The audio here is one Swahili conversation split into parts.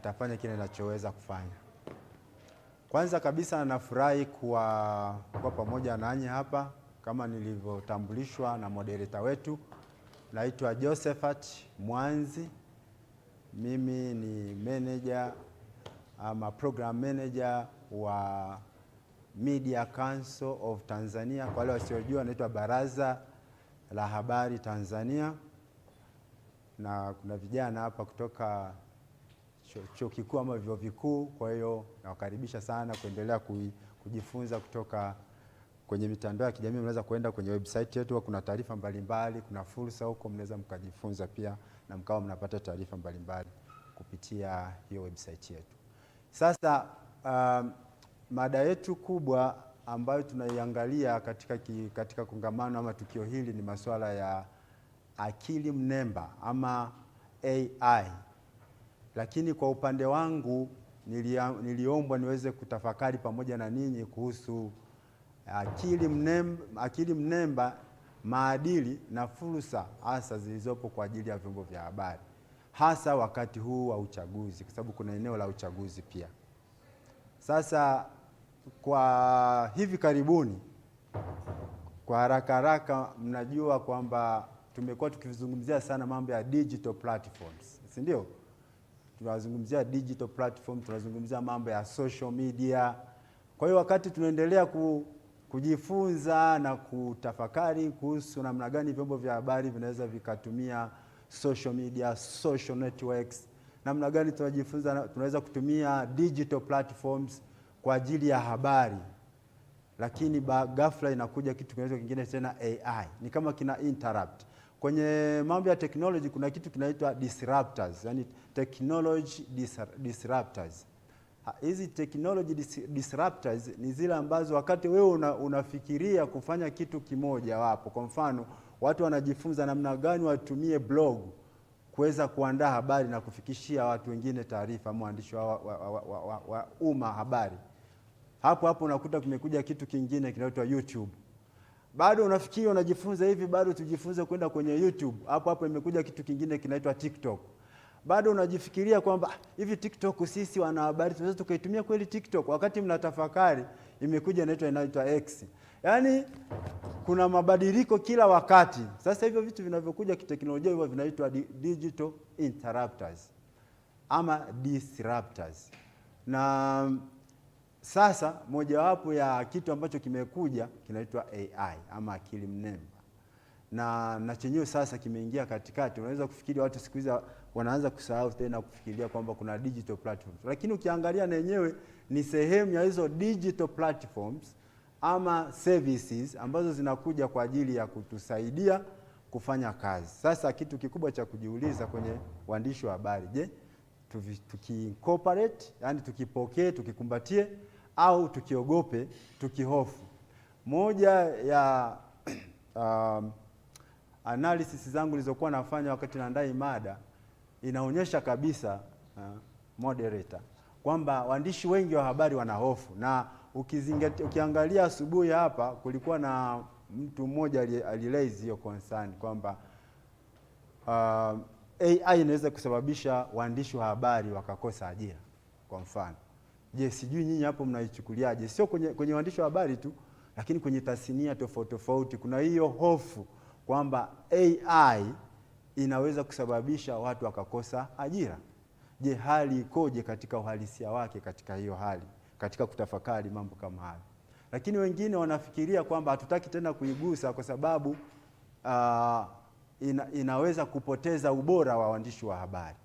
nitafanya kile ninachoweza kufanya. Kwanza kabisa nafurahi kuwa, kuwa pamoja nanyi hapa kama nilivyotambulishwa na moderator wetu. Naitwa Josephat Mwanzi, mimi ni manager ama program manager wa Media Council of Tanzania. Kwa wale wasiojua, naitwa Baraza la Habari Tanzania, na kuna vijana hapa kutoka chuo kikuu ama vyuo vikuu. Kwa hiyo nawakaribisha sana kuendelea kujifunza kutoka kwenye mitandao ya kijamii. Mnaweza kuenda kwenye website yetu, kuna taarifa mbalimbali, kuna fursa huko, mnaweza mkajifunza pia na mkawa mnapata taarifa mbalimbali kupitia hiyo website yetu. Sasa um, mada yetu kubwa ambayo tunaiangalia katika, ki, katika kongamano ama tukio hili ni masuala ya akili mnemba ama AI lakini kwa upande wangu niliombwa niweze kutafakari pamoja na ninyi kuhusu akili mnemba, akili mnemba, maadili na fursa hasa zilizopo kwa ajili ya vyombo vya habari hasa wakati huu wa uchaguzi, kwa sababu kuna eneo la uchaguzi pia. Sasa kwa hivi karibuni, kwa haraka haraka, mnajua kwamba tumekuwa tukizungumzia sana mambo ya digital platforms, si ndio? tunazungumzia digital platform, tunazungumzia mambo ya social media. Kwa hiyo wakati tunaendelea ku, kujifunza na kutafakari kuhusu namna gani vyombo vya habari vinaweza vikatumia social media, social networks, namna gani tunajifunza tunaweza kutumia digital platforms kwa ajili ya habari, lakini ghafla inakuja kitu kinaitwa kingine tena AI, ni kama kina interrupt kwenye mambo ya technology. Kuna kitu kinaitwa disruptors, yani technology disruptors. Hizi technology disruptors ni zile ambazo wakati wewe una, unafikiria kufanya kitu kimoja wapo. Kwa mfano, watu wanajifunza namna gani watumie blog kuweza kuandaa habari na kufikishia watu wengine taarifa, mwandishi wa, wa, wa, wa, wa, wa umma habari. Hapo hapo unakuta kumekuja kitu kingine kinaitwa YouTube. Bado unafikiri unajifunza hivi, bado tujifunze kwenda kwenye YouTube. Hapo hapo imekuja kitu kingine kinaitwa TikTok bado unajifikiria kwamba ah, hivi TikTok sisi wanahabari tunaweza tukaitumia kweli TikTok? Wakati mnatafakari imekuja inaitwa inaitwa X. Yaani kuna mabadiliko kila wakati. Sasa hivyo vitu vinavyokuja kiteknolojia hivyo vinaitwa digital interrupters ama disruptors. Na sasa mojawapo ya kitu ambacho kimekuja kinaitwa AI ama akili mnemba, na na chenyewe sasa kimeingia katikati. Unaweza kufikiri watu siku hizi wanaanza kusahau tena kufikiria kwamba kuna digital platforms, lakini ukiangalia na yenyewe ni sehemu ya hizo digital platforms ama services ambazo zinakuja kwa ajili ya kutusaidia kufanya kazi. Sasa kitu kikubwa cha kujiuliza kwenye uandishi wa habari, je, tukiincorporate, yani tukipokee, tukikumbatie au tukiogope, tukihofu? Moja ya um, analysis zangu nilizokuwa nafanya wakati naandaa mada inaonyesha kabisa uh, moderator kwamba waandishi wengi wa habari wana hofu, na ukizingatia, ukiangalia asubuhi hapa kulikuwa na mtu mmoja aliraise hiyo concern kwamba uh, eh, AI inaweza kusababisha waandishi wa habari wakakosa ajira kwa mfano. Je, sijui nyinyi hapo mnaichukuliaje? Sio kwenye, kwenye waandishi wa habari tu, lakini kwenye tasnia tofauti tofauti kuna hiyo hofu kwamba AI inaweza kusababisha watu wakakosa ajira. Je, hali ikoje katika uhalisia wake katika hiyo hali, katika kutafakari mambo kama hayo. Lakini wengine wanafikiria kwamba hatutaki tena kuigusa kwa sababu uh, ina, inaweza kupoteza ubora wa waandishi wa habari.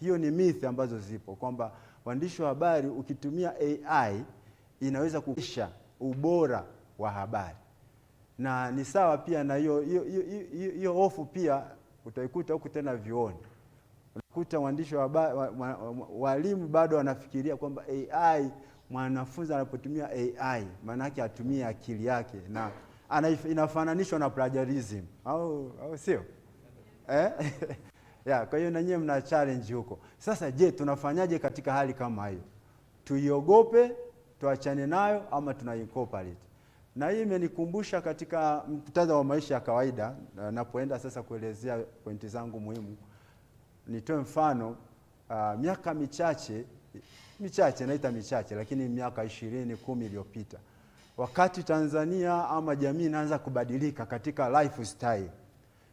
Hiyo ni mithi ambazo zipo kwamba waandishi wa habari ukitumia AI inaweza kuisha ubora wa habari, na ni sawa pia na hiyo hiyo hofu pia utaikuta huku tena vioni Unakuta waandishi wa walimu bado wanafikiria kwamba AI, mwanafunzi anapotumia AI maana yake atumie akili yake, na inafananishwa na plagiarism, au au sio? Eh? Yeah, kwa hiyo na nyinyi mna challenge huko. Sasa je, tunafanyaje katika hali kama hiyo? Tuiogope, tuachane nayo ama tuna na hii imenikumbusha katika muktadha wa maisha ya kawaida, napoenda sasa kuelezea pointi zangu muhimu. Nitoe mfano uh, miaka michache michache, naita michache, lakini miaka ishirini kumi iliyopita, wakati Tanzania ama jamii inaanza kubadilika katika lifestyle.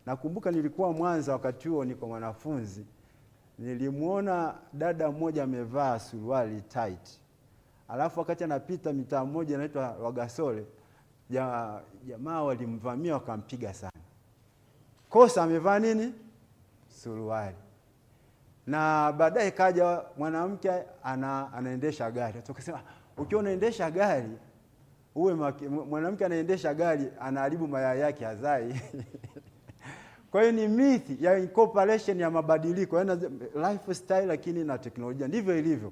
Nakumbuka nilikuwa Mwanza wakati huo, niko mwanafunzi, nilimwona dada mmoja amevaa suruali tight, alafu wakati anapita mitaa mmoja inaitwa Wagasole jamaa walimvamia wakampiga sana. Kosa amevaa nini? Suruali. Na baadaye kaja mwanamke ana, anaendesha gari. Tukasema ukiwa unaendesha gari uwe mwanamke anaendesha gari anaharibu mayai yake azai. Kwa hiyo ni myth ya incorporation ya mabadiliko, yaani lifestyle lakini na teknolojia, ndivyo ilivyo.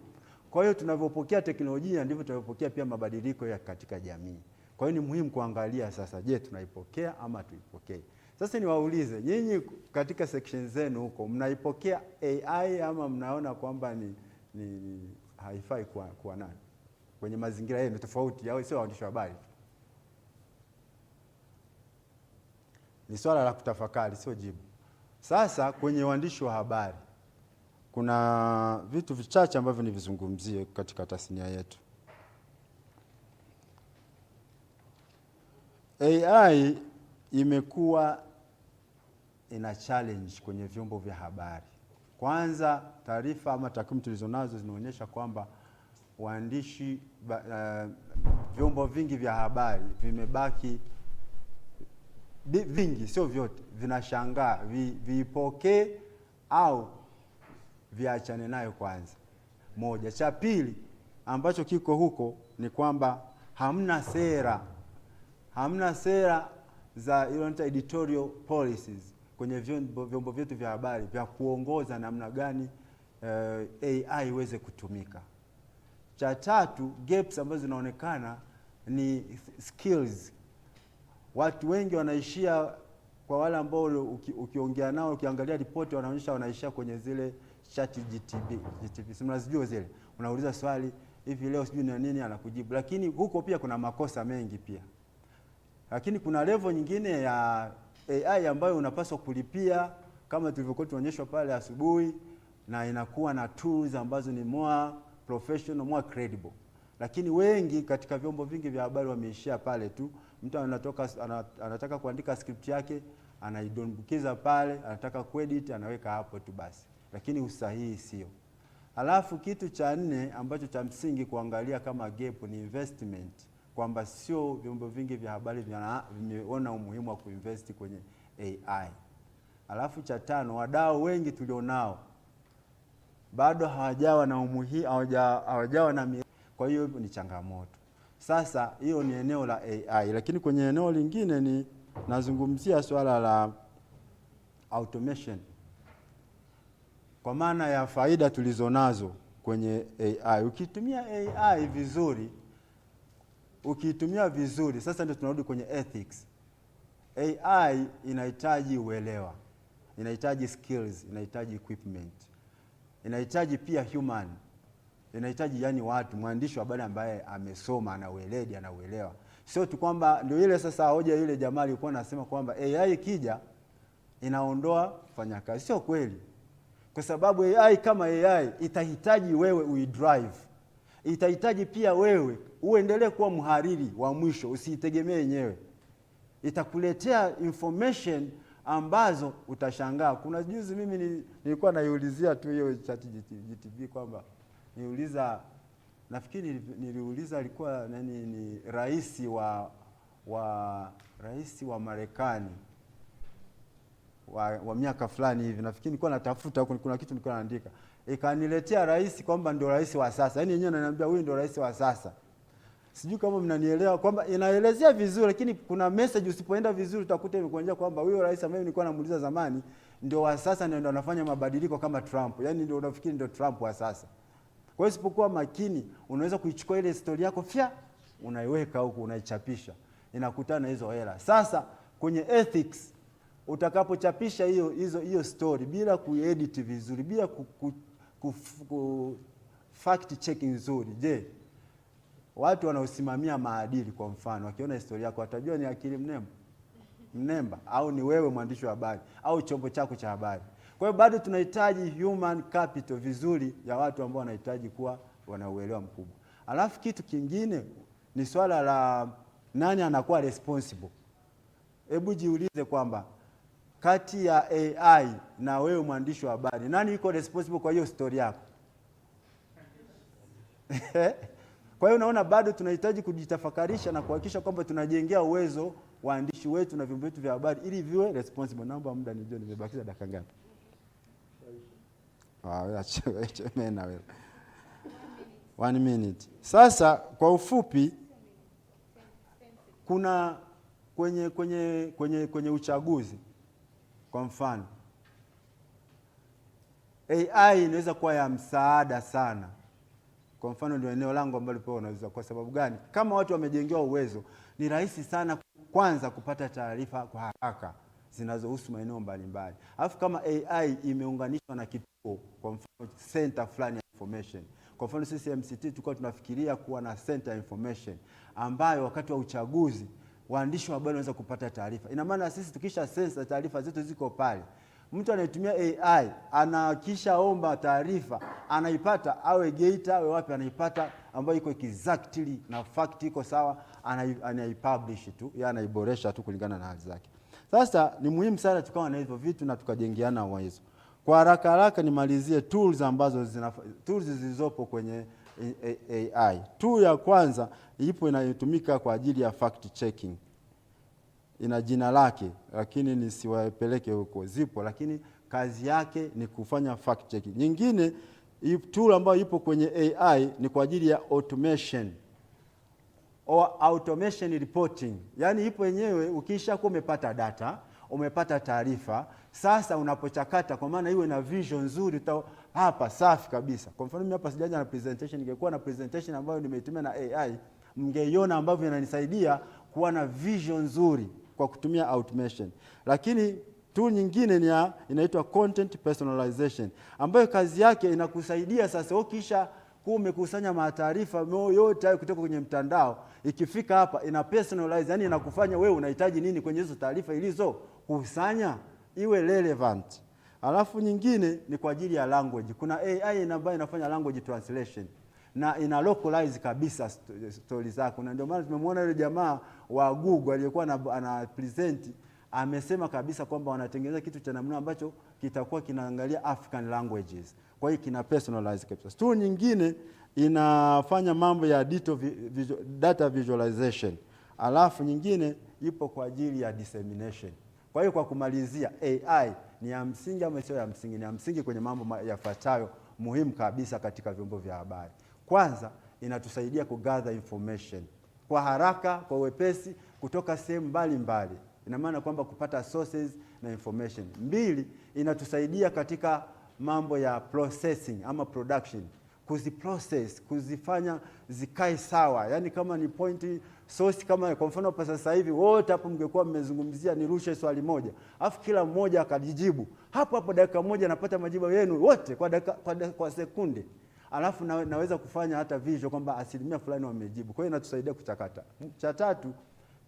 Kwa hiyo tunavyopokea teknolojia ndivyo tunavyopokea pia mabadiliko ya katika jamii. Kwa hiyo ni muhimu kuangalia sasa, je, tunaipokea ama tuipokee? Sasa niwaulize nyinyi, katika section zenu huko mnaipokea AI ama mnaona kwamba ni, ni haifai kuwa, kuwa nani kwenye mazingira yenu tofauti, au sio? Waandishi wa habari, ni swala la kutafakari, sio jibu. Sasa kwenye waandishi wa habari kuna vitu vichache ambavyo nivizungumzie katika tasnia yetu. AI imekuwa ina challenge kwenye vyombo vya habari. Kwanza, taarifa ama takwimu tulizonazo zinaonyesha kwamba waandishi uh, vyombo vingi vya habari vimebaki vingi, sio vyote, vinashangaa viipokee vi au viachane nayo kwanza. Moja cha pili ambacho kiko huko ni kwamba hamna sera hamna sera za ilonita editorial policies kwenye vyombo, vyetu vya habari vya kuongoza namna gani uh, eh, AI iweze kutumika. Cha tatu, gaps ambazo zinaonekana ni skills. Watu wengi wanaishia kwa wale ambao uki, ukiongea nao ukiangalia ripoti wanaonyesha wanaishia kwenye zile chat GTP, si mnazijua zile, unauliza swali hivi leo sijui na nini, anakujibu, lakini huko pia kuna makosa mengi pia lakini kuna levo nyingine ya AI ambayo unapaswa kulipia kama tulivyokuwa tunaonyeshwa pale asubuhi, na inakuwa na tools ambazo ni more professional, more credible. Lakini wengi katika vyombo vingi vya habari wameishia pale tu, mtu anatoka anataka kuandika script yake anaidumbukiza pale, anataka kuedit anaweka hapo tu basi, lakini usahihi sio. Alafu kitu cha nne ambacho cha msingi kuangalia kama gap ni investment kwamba sio vyombo vingi vya habari vimeona umuhimu wa kuinvest kwenye AI. Alafu cha tano, wadau wengi tulionao bado hawajawa na umuhimu, hawajawa na kwa hiyo ni changamoto. Sasa hiyo ni eneo la AI, lakini kwenye eneo lingine ni nazungumzia swala la automation kwa maana ya faida tulizonazo kwenye AI. Ukitumia AI vizuri ukiitumia vizuri. Sasa ndio tunarudi kwenye ethics. AI inahitaji uelewa, inahitaji skills, inahitaji equipment, inahitaji pia human, inahitaji yani watu, mwandishi wa habari ambaye amesoma, ana weledi, anauelewa, sio tu kwamba ndio ile sasa hoja ile jamaa alikuwa anasema kwamba AI ikija inaondoa fanyakazi. Sio kweli, kwa sababu AI kama AI itahitaji wewe uidrive itahitaji pia wewe uendelee kuwa mhariri wa mwisho, usiitegemee yenyewe. Itakuletea information ambazo utashangaa. Kuna juzi mimi nilikuwa naiulizia tu hiyo GPT kwamba niuliza, nafikiri niliuliza alikuwa nani, ni rais wa, wa, rais wa Marekani wa, wa miaka fulani hivi nafikiri nilikuwa natafuta huko, kuna kitu nilikuwa naandika, ikaniletea rais kwamba ndio rais wa sasa, yani yenyewe ananiambia huyu ndio rais wa sasa. Sijui kama mnanielewa kwamba inaelezea vizuri, lakini kuna message usipoenda vizuri utakuta imekuonyesha kwamba huyo rais ambaye nilikuwa namuuliza zamani ndio wa sasa, ndio anafanya mabadiliko kama Trump, yani ndio unafikiri ndio Trump wa sasa. Kwa hiyo sipokuwa makini, unaweza kuichukua ile historia yako fya, unaiweka huko, unaichapisha, inakutana hizo hela. Sasa kwenye ethics utakapochapisha hiyo hizo hiyo story bila kuedit vizuri, bila ku, ku, ku, ku fact check nzuri, je, watu wanaosimamia maadili kwa mfano wakiona historia yako watajua ni akili mnemba mnemba au ni wewe mwandishi wa habari au chombo chako cha habari. Kwa hiyo bado tunahitaji human capital vizuri ya watu ambao wanahitaji kuwa wanauelewa mkubwa. Alafu kitu kingine ni swala la nani anakuwa responsible. Hebu jiulize kwamba kati ya AI na wewe mwandishi wa habari, nani yuko responsible kwa hiyo story yako? Kwa hiyo unaona, bado tunahitaji kujitafakarisha na kuhakikisha kwamba tunajengea uwezo waandishi wetu na vyombo vyetu vya habari ili viwe responsible. Naomba muda nijue nimebakiza dakika ngapi? Ah, One minute. Sasa kwa ufupi, kuna kwenye, kwenye, kwenye, kwenye uchaguzi kwa mfano, AI inaweza kuwa ya msaada sana. Kwa mfano, ndio eneo langu ambalo pia unaweza. Kwa sababu gani? Kama watu wamejengewa uwezo, ni rahisi sana kwanza kupata taarifa kwa haraka zinazohusu maeneo mbalimbali, alafu kama AI imeunganishwa na kituo, kwa mfano center fulani ya information. Kwa mfano sisi MCT tulikuwa tunafikiria kuwa na center information ambayo wakati wa uchaguzi waandishi wa habari wanaweza kupata taarifa. Ina maana sisi tukisha sensa taarifa zetu ziko pale, mtu anayetumia AI anakisha omba taarifa anaipata, awe Geita awe wapi, anaipata ambayo iko exactly na fact iko sawa, anaipublish tu, yeye yaani anaiboresha tu kulingana na hali zake. Sasa ni muhimu sana tukawa na hivyo vitu na tukajengeana uwezo. Kwa haraka haraka nimalizie tools ambazo zilizopo kwenye AI. Tu ya kwanza ipo inayotumika kwa ajili ya fact checking, ina jina lake lakini nisiwapeleke huko, zipo lakini kazi yake ni kufanya fact checking. Nyingine tool ambayo ipo kwenye AI ni kwa ajili ya automation or automation reporting, yaani ipo yenyewe, ukishakuwa umepata data umepata taarifa, sasa unapochakata, kwa maana iwe na vision nzuri ta, hapa safi kabisa. Kwa mfano mimi hapa sijaja na presentation, ningekuwa na presentation ambayo nimeitumia na AI, mngeiona ambavyo inanisaidia kuwa na vision nzuri kwa kutumia automation. Lakini tu nyingine ni inaitwa content personalization ambayo kazi yake inakusaidia sasa ukisha kuwa umekusanya mataarifa yote hayo kutoka kwenye mtandao, ikifika hapa ina personalize, yani inakufanya wewe unahitaji nini kwenye hizo taarifa ilizo kukusanya iwe relevant. Alafu nyingine ni kwa ajili ya language. Kuna AI ambayo inafanya language translation na ina localize kabisa stori zako, na ndio maana tumemwona yule jamaa wa Google aliyekuwa ana present amesema kabisa kwamba wanatengeneza kitu cha namna ambacho kitakuwa kinaangalia African languages, kwa hiyo kina personalize kabisa. Tool nyingine inafanya mambo ya data visualization, alafu nyingine ipo kwa ajili ya dissemination. Kwa hiyo kwa kumalizia, AI ni ya msingi ama sio ya msingi? Ni ya msingi kwenye mambo yafuatayo muhimu kabisa katika vyombo vya habari. Kwanza, inatusaidia kugather information kwa haraka, kwa wepesi kutoka sehemu mbalimbali, ina maana kwamba kupata sources na information. Mbili, inatusaidia katika mambo ya processing ama production, kuziprocess, kuzifanya zikae sawa, yaani kama ni pointi sosi kama kwa mfano pa sasa hivi wote hapo mngekuwa mmezungumzia nirushe swali moja, afu kila mmoja akajijibu hapo hapo dakika moja, napata majibu yenu wote kwa, dakika, kwa, kwa sekunde alafu na, naweza kufanya hata visual kwamba asilimia fulani wamejibu. Kwa hiyo inatusaidia kuchakata. Cha tatu,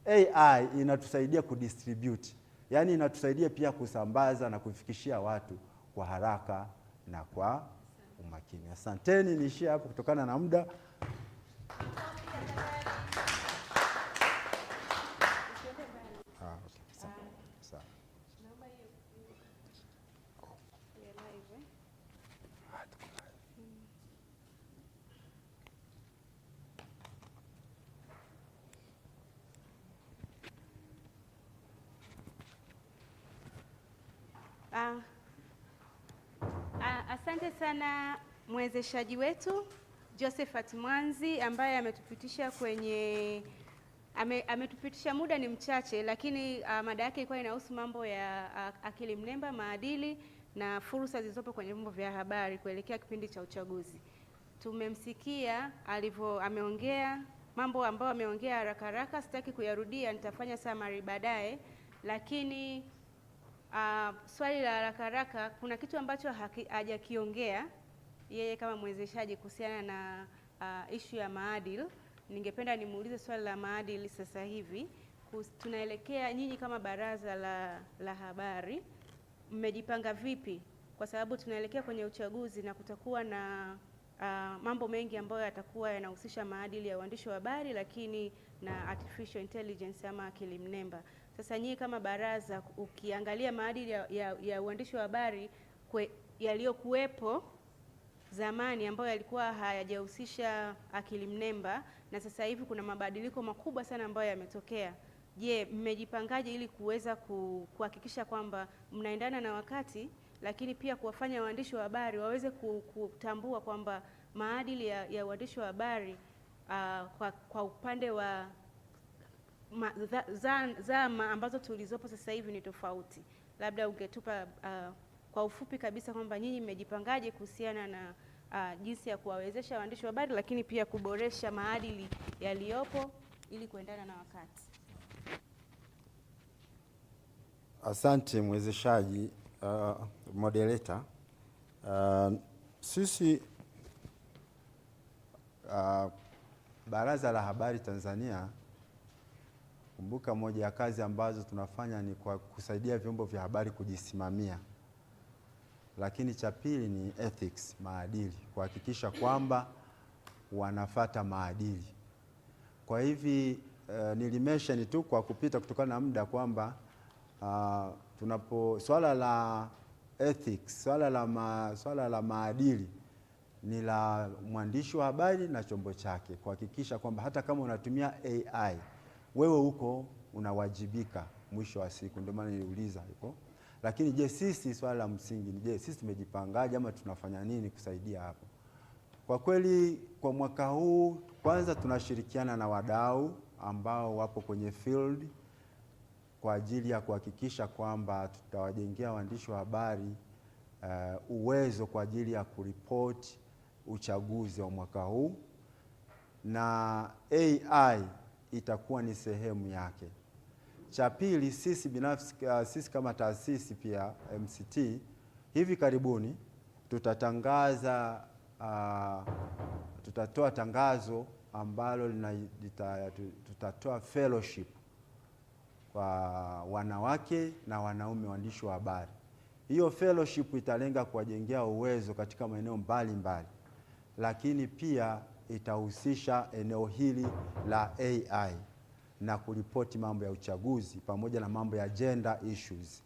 AI inatusaidia kudistribute, yani inatusaidia pia kusambaza na kufikishia watu kwa haraka na kwa umakini. Asanteni, niishie hapo kutokana na muda. Asante sana mwezeshaji wetu Josephat Mwanzi ambaye ametupitisha kwenye ame, ametupitisha muda ni mchache, lakini uh, mada yake ilikuwa inahusu mambo ya uh, akili mnemba, maadili na fursa zilizopo kwenye vyombo vya habari kuelekea kipindi cha uchaguzi. Tumemsikia alivyo, ameongea mambo ambayo ameongea haraka haraka, sitaki kuyarudia, nitafanya summary baadaye, lakini Uh, swali la haraka haraka, kuna kitu ambacho hajakiongea yeye kama mwezeshaji kuhusiana na uh, ah, ishu ya maadili. Ningependa nimuulize swali la maadili sasa hivi. Tunaelekea, nyinyi kama baraza la, la habari mmejipanga vipi, kwa sababu tunaelekea kwenye uchaguzi na kutakuwa na uh, mambo mengi ambayo yatakuwa yanahusisha maadili ya uandishi wa habari, lakini na artificial intelligence ama akili mnemba. Sasa nyie kama baraza, ukiangalia maadili ya, ya, ya uandishi wa habari yaliyokuwepo zamani ambayo yalikuwa hayajahusisha akili mnemba na sasa hivi kuna mabadiliko makubwa sana ambayo yametokea. Je, mmejipangaje ili kuweza kuhakikisha kwamba mnaendana na wakati, lakini pia kuwafanya waandishi wa habari waweze kutambua kwamba maadili ya, ya uandishi wa habari uh, kwa, kwa upande wa zama za, za, ambazo tulizopo sasa hivi ni tofauti. Labda ungetupa uh, kwa ufupi kabisa kwamba nyinyi mmejipangaje kuhusiana na uh, jinsi ya kuwawezesha waandishi wa habari, lakini pia kuboresha maadili yaliyopo ili kuendana na wakati. Asante mwezeshaji, uh, moderator. Uh, sisi uh, Baraza la Habari Tanzania Kumbuka moja ya kazi ambazo tunafanya ni kwa kusaidia vyombo vya habari kujisimamia, lakini cha pili ni ethics, maadili, kuhakikisha kwamba wanafata maadili. Kwa hivi uh, ni tu kwa kupita kutokana na muda kwamba uh, tunapo swala la ethics, swala la, ma, swala la maadili ni la mwandishi wa habari na chombo chake kuhakikisha kwamba hata kama unatumia AI wewe huko unawajibika mwisho wa siku, ndio maana niliuliza huko. Lakini je, sisi swala la msingi ni je, sisi tumejipangaje ama tunafanya nini kusaidia hapo? Kwa kweli kwa mwaka huu kwanza tunashirikiana na wadau ambao wapo kwenye field kwa ajili ya kuhakikisha kwamba tutawajengea waandishi wa habari uh, uwezo kwa ajili ya kuripoti uchaguzi wa mwaka huu na AI itakuwa ni sehemu yake. Cha pili, sisi binafsi, uh, sisi kama taasisi pia MCT hivi karibuni tutatangaza uh, tutatoa tangazo ambalo lina, tutatoa fellowship kwa wanawake na wanaume waandishi wa habari. Hiyo fellowship italenga kuwajengea uwezo katika maeneo mbalimbali, lakini pia itahusisha eneo hili la AI na kuripoti mambo ya uchaguzi pamoja na mambo ya gender issues.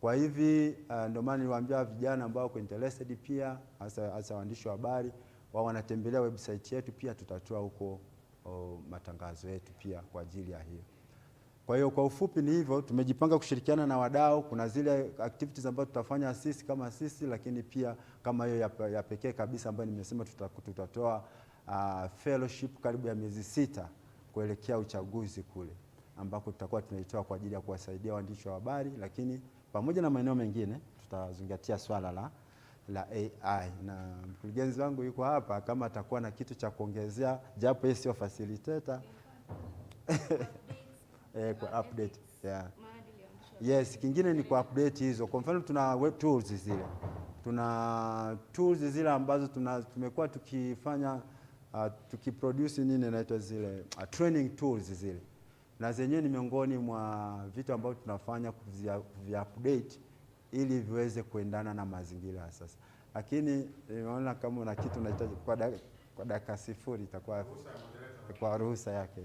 Kwa hivi uh, ndio maana niliwaambia vijana ambao wako interested pia hasa waandishi wa habari wao wanatembelea website yetu, pia tutatoa huko uh, matangazo yetu pia kwa ajili ya hiyo. Kwa hiyo kwa ufupi ni hivyo, tumejipanga kushirikiana na wadau. Kuna zile activities ambazo tutafanya sisi kama sisi, lakini pia kama hiyo ya, ya pekee kabisa ambayo nimesema tutatoa uh, fellowship karibu ya miezi sita kuelekea uchaguzi kule ambako tutakuwa tunaitoa kwa ajili ya kuwasaidia waandishi wa habari, lakini pamoja na maeneo mengine tutazingatia swala la, la AI na mkurugenzi wangu yuko hapa, kama atakuwa na kitu cha kuongezea, japo yeye sio facilitator eh, kwa update yeah. Yes, kingine ni kwa update hizo. Kwa mfano tuna web tools zile, tuna tools zile ambazo tuna tumekuwa tukifanya uh, tukiproduce nini inaitwa zile uh, training tools zile, na zenyewe ni miongoni mwa vitu ambavyo tunafanya kuvia update ili viweze kuendana na mazingira ya sasa. Lakini nimeona kama una kitu unahitaji kwa dakika sifuri, itakuwa kwa ruhusa yake.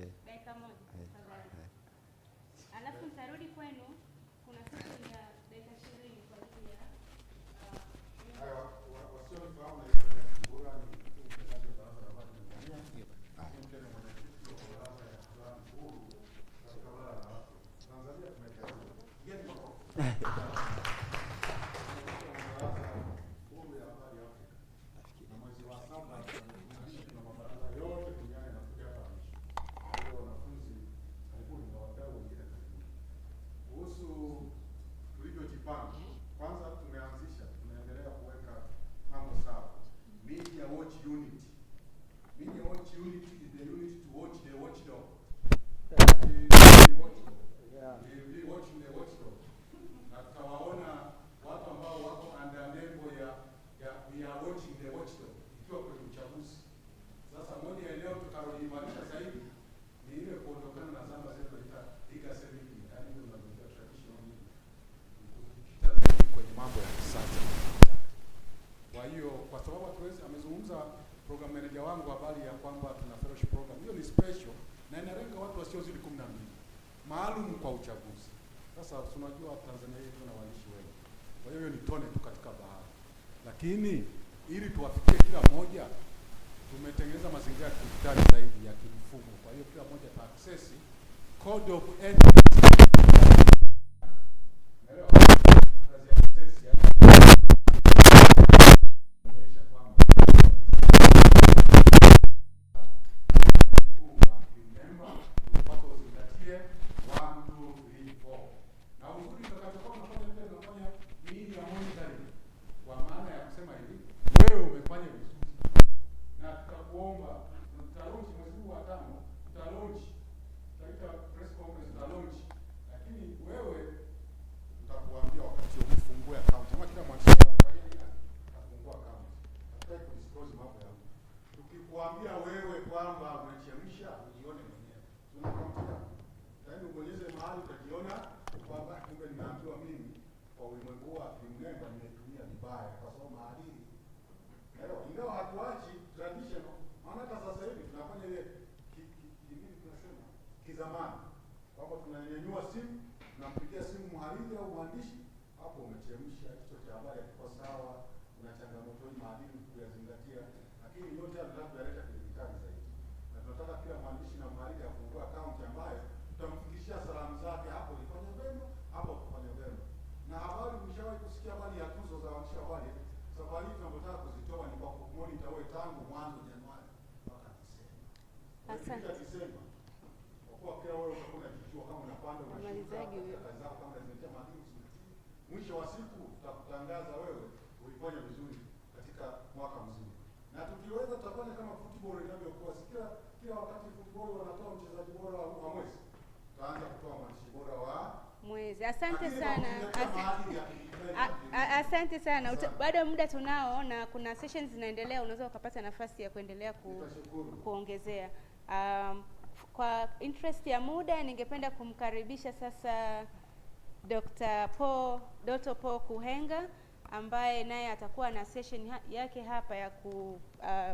program manager wangu habari ya kwamba tuna fellowship program. Hiyo ni special na inalenga watu wasiozidi 12 maalum kwa uchaguzi. Sasa tunajua Tanzania yetu na waandishi wengi, kwa hiyo hiyo ni tone tu katika bahari, lakini ili tuwafikie kila moja tumetengeneza mazingira ya kidijitali zaidi ya kimfumo. Kwa hiyo kila moja ta access code of ethics kuwa Kingereza nimetumia vibaya kwa sababu maadili. Leo ingawa hatuachi tradition, maana hata sasa hivi tunafanya ile kingine tunasema kizamani kwamba tunanyanyua simu tunampigia simu mhariri au mwandishi, hapo umechemsha kichwa cha habari kwa sawa, na changamoto hii, maadili kuyazingatia, lakini yote tunataka kuyaleta kidijitali zaidi, na tunataka kila mwandishi na mhariri afungue akaunti ambayo tutamfikishia salamu zake, hapo ulifanya vyema hapo na habari, nimeshawahi kusikia habari ya tuzo za waandishi habari. Safari hii tunataka kuzitoa ni kwa kumonita wewe tangu mwanzo Januari mpaka Desemba. Asante. Desemba. Kwa kuwa pia wewe utakuwa unajijua kama unapanda unashuka kazi zako kama zimetia madini. Mwisho wa siku tutakutangaza wewe ulifanya vizuri katika mwaka mzima. Na tukiweza tutafanya kama football inavyokuwa. Kila kila wakati football wanatoa mchezaji bora wa mwezi. Tutaanza kutoa mwandishi bora wa mwezi. Asante sana, asante sana. Bado muda tunao na kuna sessions zinaendelea, unaweza ukapata nafasi ya kuendelea ku, kuongezea. Um, kwa interest ya muda ningependa kumkaribisha sasa Dr. Paul, Dr. Paul Kuhenga ambaye naye atakuwa na session yake hapa ya ku uh,